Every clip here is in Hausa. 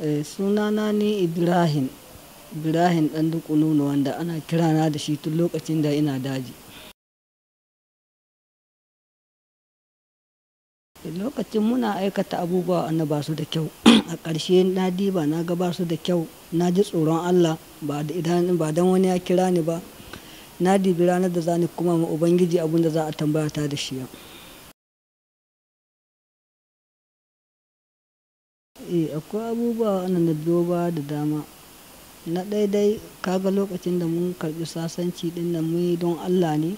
Eh, sunana ne Ibrahim, Ibrahim dan dukununu wanda ana kirana da shi tun lokacin da ina daji. Lokacin muna aikata abubuwa na ba su da kyau, a ƙarshe na diba na ga ba su da kyau, na ji tsoron Allah ba don wani ya kira ni ba, na dibi ranar da za ni kuma ma Ubangiji abin da za a tambaya ta da shi. Eh akwai abubuwa wanda na da dama. Na daidai kaga ka ga lokacin da mun karbi sasanci ɗin nan don Allah ne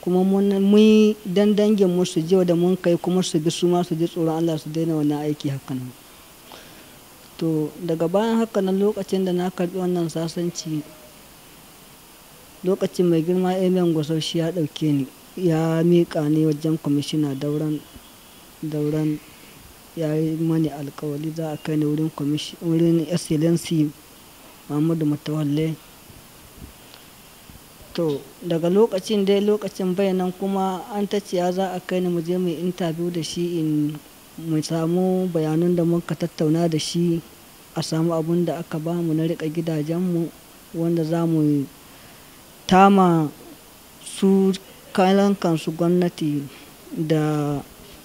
kuma muyi don dangin mu su ji da mun kai kuma su bi su ma ji tsoron Allah su daina wannan aiki hakanan To daga bayan haka nan lokacin da na karbi wannan sasanci, lokacin mai girma Amen gwasau shi ya ɗauke ni ya miƙa ni wajen kwamishina Dauran, Dauran. ya yi mani alkawali za a kai ni wurin wurin excellency muhammadu matawalle to daga lokacin dai lokacin bayanan kuma an ta ciya za a kai ni mu je mu interview da shi in mu samu bayanan da muka tattauna da shi a samu abun da aka ba mu na rika gidajenmu wanda za mu tama su kayan kansu gwamnati da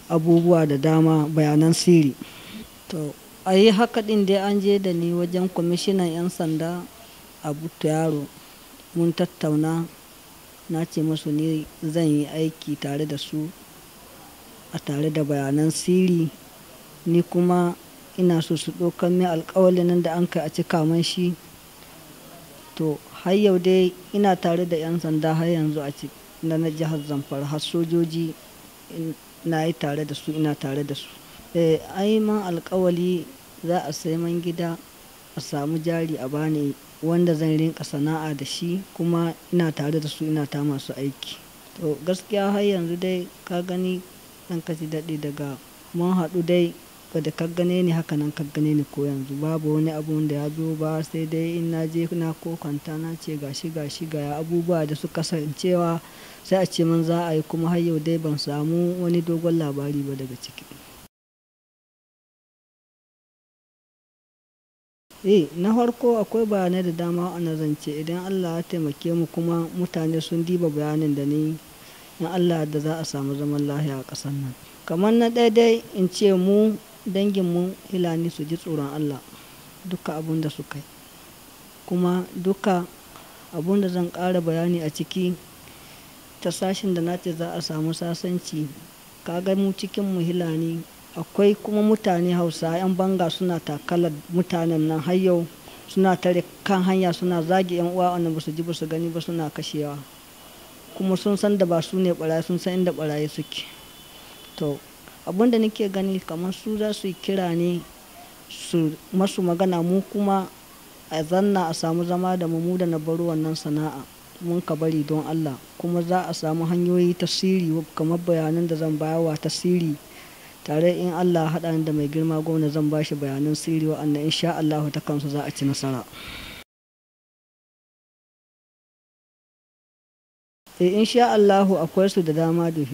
abubuwa da dama bayanan sirri to a yi haka ɗin dai an je da ni wajen kwamishinan 'yan sanda abu yaro mun tattauna na ce masu ne zan yi aiki tare da su a tare da bayanan siri ni kuma ina so su ɗaukar mai alƙawalin da an kai a cika man shi to har yau dai ina tare da 'yan sanda har yanzu a na jihar zamfara har sojoji na yi tare da su ina tare da su eh, ai ma alkawali za a sai man gida a samu jari a bani wanda zan rinka sana'a da shi kuma ina tare da su ina ta masu aiki to gaskiya har yanzu dai ka gani ɗan kaji daɗi daga mun haɗu dai da ka gane ni haka nan ka gane ni ko yanzu babu wani abu da ya zo ba sai dai in na je na ko kwanta na ce gashi gashi ga abubuwa da suka kasancewa sai a ce man za a yi kuma har yau dai ban samu wani dogon labari ba daga ciki eh na farko akwai bayanai da dama a nazance idan allah ya taimake mu kuma mutane sun diba bayanin da ni in allah da za a samu zaman lahiya a ƙasar nan kamar na dai in ce mu danginmu hilani su ji tsoron allah duka abun da su kai kuma duka abun da zan ƙara bayani a ciki ta sashen da nace za a samu sasanci kaga mu cikin mu hilani akwai kuma mutane hausa 'yan banga suna takalar mutanen nan har yau suna tare kan hanya suna zage 'yan uwa wanda ba su ji ba su gani ba suna kashewa kuma sun san da ba su ne barayi sun san inda barayi suke to abin da nake gani kamar su za su kira ne su masu magana mu kuma a zanna a samu zama da mu da na baro wannan sana'a mun ka bari don Allah kuma za a samu hanyoyi tasiri kamar bayanan da zan bayarwa tasiri tare in Allah haɗa da mai girma gwamna zan bashi bayanan sirri wa'anda insha Allah ta kansu za a ci nasara. Eh, in sha Allah akwai su da dama da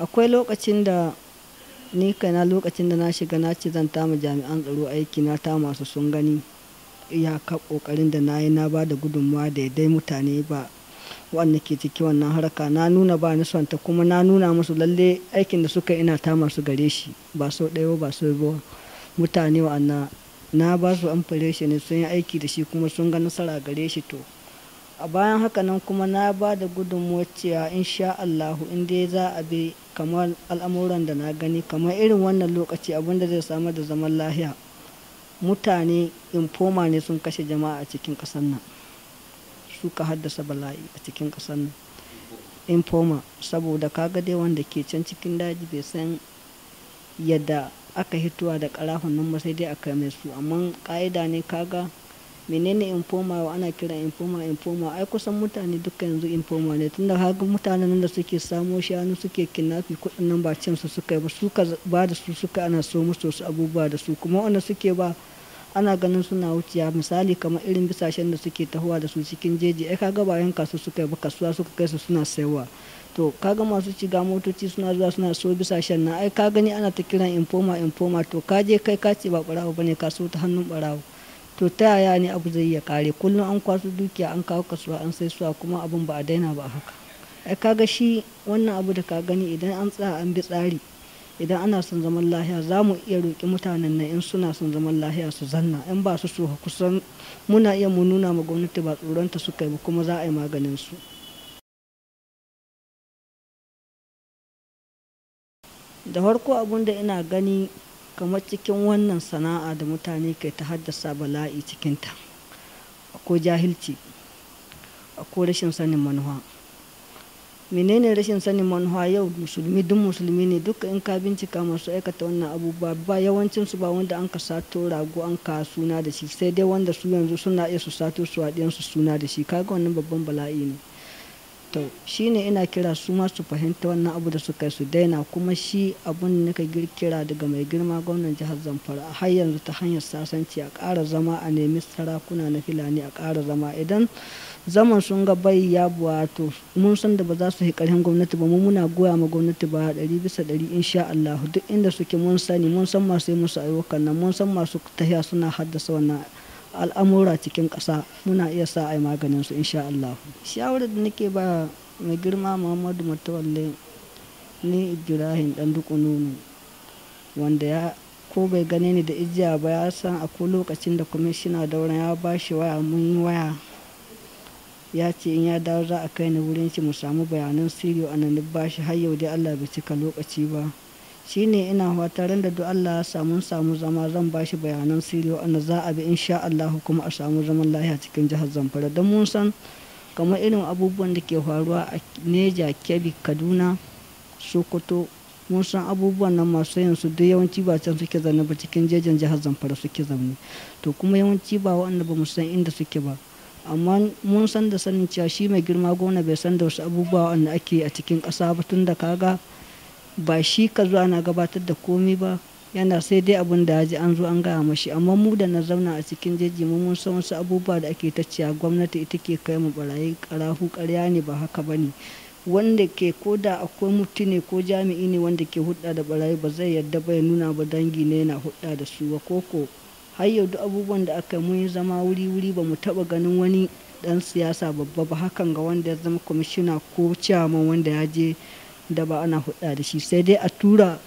akwai lokacin da ni kaina lokacin da na shiga na ce zan tama jami'an tsaro aiki na ta masu sun gani iyaka kokarin da na yi na ba da gudunmawa da dai mutane ba wanda ke ciki wannan harka na nuna ba ni sonta kuma na nuna musu lalle aikin da suka ina ta masu gare shi ba so ɗaya ba so ba mutane wa'anna na ba su fare shi ne sun yi aiki da shi kuma sun ga nasara gare shi to a bayan haka nan kuma na ba da gudunmuwar cewa insha allahu inda za a bi kamar al'amuran da na gani kamar irin wannan lokaci abinda zai samar da zaman lahiya mutane infoma ne sun kashe jama'a a cikin ƙasar nan su ka haddasa bala'i a cikin ƙasar nan infoma saboda kaga dai wanda ke can cikin daji bai san yadda aka hituwa da ƙarahunan ba sai dai aka mai su amma ka'ida ne kaga menene informa wa ana kira informa informa ai kusan mutane duka yanzu informa ne tunda har mutanen da suke samo shanu suke kinafi kudin nan ba cin su suka ba ka ba da su suka ana so musu su abubuwa da su kuma wanda suke ba ana ganin suna wuciya misali kamar irin bisashen da suke tahowa da su cikin jeji ai kaga ba yanka su suka ba kasuwa suka kai su suna saiwa to kaga masu shiga motoci suna zuwa suna so bisashen nan ai ka gani ana ta kiran informa informa to ka je kai ka ce ba barawo bane ka so ta hannun barawo to ta yaya ne abu zai iya kare kullum an kwaso dukiya an kawo kasuwa an sai suwa kuma abin ba a daina ba haka ai kaga shi wannan abu da ka gani idan an tsaya an bi tsari idan ana son zaman lahiya za mu iya roƙi mutanen na in suna son zaman lahiya su zanna in ba su so kusan muna iya mu nuna ma gwamnati ba tsoronta suka yi ba kuma za a yi maganin su da farko abun da ina gani kamar cikin wannan sana'a da mutane kai ta haddasa bala'i cikinta ko jahilci ko rashin sanin manuwa menene rashin sanin manuwa yau musulmi duk musulmi ne duka in ka bincika masu aikata wannan abubuwa ba yawancinsu ba wanda an ka sato rago an ka suna da shi sai dai wanda su yanzu suna iya su sato su su suna da shi kaga wannan babban bala'i ne to ne ina kira su ma su fahimta wannan abu da suka su daina kuma shi abun ka girkira daga mai girma gwamnan jihar zamfara a har yanzu ta hanyar sasanci a ƙara zama a nemi sarakuna na filani a ƙara zama idan zaman sun ga bai ya wato mun san da ba za su yi ƙarfin gwamnati ba mu muna goya ma gwamnati ba ɗari bisa ɗari insha Allah duk inda suke mun sani mun san masu yi musu ayyukan nan mun san masu tahiya suna haddasa wannan al'amura cikin ƙasa muna iya sa a yi maganin su insha Allah shawarar da nake ba mai girma Muhammadu Matawalle ni Ibrahim dan dukununu wanda ya ko bai gane ni da ijiya ba ya san akwai lokacin da kwamishina daura ya ba shi waya mun yi waya ya ce in ya dawo za a kai ni wurin shi mu samu bayanan sirri a nan ba har yau dai Allah bai cika lokaci ba shine ina hotarin da duk Allah ya samu samu zama zan bashi bayanan sirri wanda za a bi insha Allah kuma a samu zaman lafiya cikin jihar Zamfara don mun san kamar irin abubuwan da ke faruwa a Neja Kebbi Kaduna Sokoto mun san abubuwan nan masu yin su duk yawanci ba can suke zaune ba cikin jejin jihar Zamfara suke zaune to kuma yawanci ba wanda ba mu san inda suke ba amma mun san da sanin cewa shi mai girma gona bai san da wasu abubuwa wanda ake a cikin kasa ba tun da kaga ba shi ka zuwa na gabatar da komi ba yana sai dai abin da ya ji an zo an gaya mashi amma mu da na zauna a cikin jeji mu mun san wasu abubuwa da ake ta ciya gwamnati ita ke kai mu barayi karahu karya ne ba haka bane wanda ke ko da akwai mutu ne ko jami'i ne wanda ke hudda da barayi ba zai yarda ba ya nuna ba dangi ne yana hudda da su ba koko har yau duk abubuwan da aka mun yi zama wuri wuri ba mu taba ganin wani dan siyasa babba ba hakan ga wanda ya zama kwamishina ko ciyaman wanda ya je da ba ana hudda da shi sai dai a tura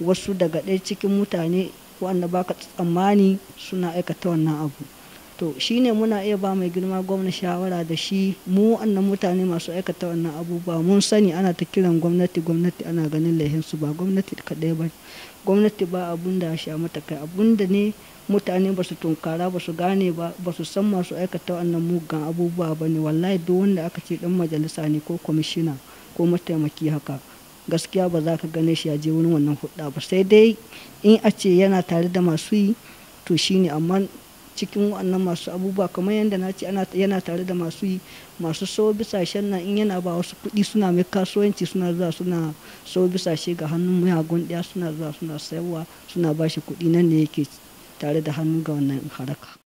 wasu daga ɗaya cikin mutane wanda ka tsammani suna aikata wannan abu to shine muna iya ba mai girma gwamna shawara da shi mu wannan mutane masu aikata wannan abubuwa mun sani ana ta kiran gwamnati gwamnati ana ganin laihinsu ba gwamnati kaɗai ba gwamnati ba abun da sha mata kai abun da ne mutane ba su tunkara ba su gane ba ba su san masu aikata wannan mugan abubuwa ba ne wallahi duk wanda aka ce dan majalisa ne ko kwamishina ko mataimaki haka gaskiya ba za ka gane shi ya je wurin wannan hudda ba sai dai in a ce yana tare da masu yi to shine amma cikin wannan masu abubuwa kamar yadda na ce yana tare da masu yi masu sau bisashen nan in yana ba wasu kuɗi suna mai kasuwanci suna zuwa suna sau bisashe ga hannun mayagun ɗaya suna zuwa suna sayarwa suna ba shi kuɗi nan ne yake tare da hannu ga wannan haraka